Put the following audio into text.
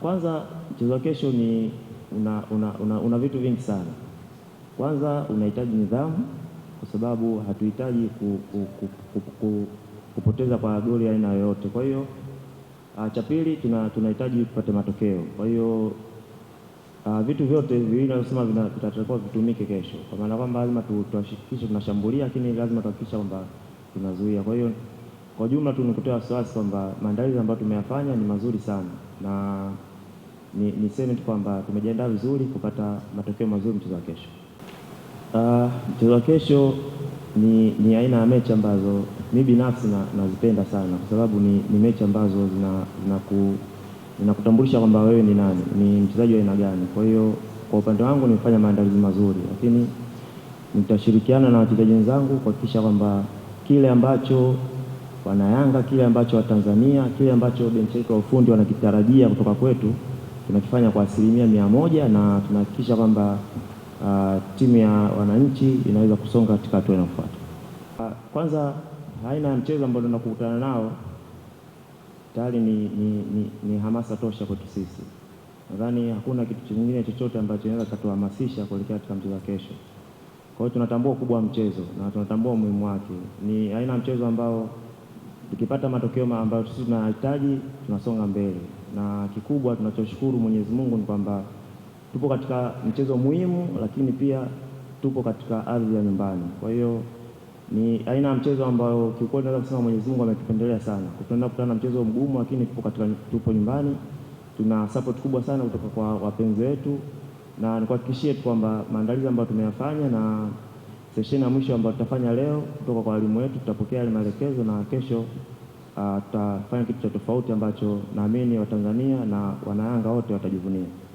Kwanza mchezo wa kesho ni una, una, una, una vitu vingi sana. Kwanza unahitaji nidhamu, kwa sababu hatuhitaji ku, ku, ku, ku, ku, kupoteza kwa goli aina yoyote. Kwa hiyo ah, cha pili tunahitaji tupate matokeo. Kwa hiyo Uh, vitu vyote viwili navyosema vitatakiwa vitumike kesho, kwa maana kwamba lazima tuhakikishe tunashambulia, lakini lazima tuhakikisha kwamba tunazuia. Kwa hiyo kwa jumla tu nikutoa wasiwasi kwamba maandalizi ambayo tumeyafanya ni mazuri sana, na niseme ni tu kwamba tumejiandaa vizuri kupata matokeo mazuri mchezo wa kesho. Uh, mchezo wa kesho ni, ni aina ya mechi ambazo mi binafsi nazipenda na sana kwa sababu ni, ni mechi ambazo zinakutambulisha ku, kwamba wewe ni nani, ni mchezaji wa aina gani. Kwa hiyo kwa upande wangu nimefanya maandalizi mazuri, lakini nitashirikiana na wachezaji wenzangu kuhakikisha kwamba kile ambacho Wanayanga, kile ambacho Watanzania, kile ambacho benchi letu la ufundi wanakitarajia kutoka kwetu tunakifanya kwa asilimia mia moja na tunahakikisha kwamba uh, timu ya wananchi inaweza kusonga katika hatua inayofuata. Uh, kwanza aina ya mchezo ambao tunakutana nao tayari ni, ni, ni, ni hamasa tosha kwetu sisi. Nadhani hakuna kitu kingine chochote ambacho inaweza katuhamasisha kuelekea katika mchezo wa kesho. Kwa hiyo tunatambua ukubwa wa mchezo na tunatambua umuhimu wake. Ni aina ya mchezo ambao Tukipata matokeo ambayo sisi tunahitaji, tunasonga mbele, na kikubwa tunachoshukuru Mwenyezi Mungu ni kwamba tupo katika mchezo muhimu, lakini pia tupo katika ardhi ya nyumbani. Kwa hiyo ni aina ya mchezo ambayo kiukweli naweza kusema Mwenyezi Mungu ametupendelea sana. Tunaenda kukutana na mchezo mgumu, lakini tupo katika tupo nyumbani, tuna support kubwa sana kutoka kwa wapenzi wetu, na nikuhakikishie tu kwamba maandalizi ambayo tumeyafanya na Sesheni ya mwisho ambayo tutafanya leo kutoka kwa walimu wetu, tutapokea yale maelekezo na kesho ah, tutafanya uh, kitu cha tofauti ambacho naamini Watanzania na Wanayanga wote watajivunia.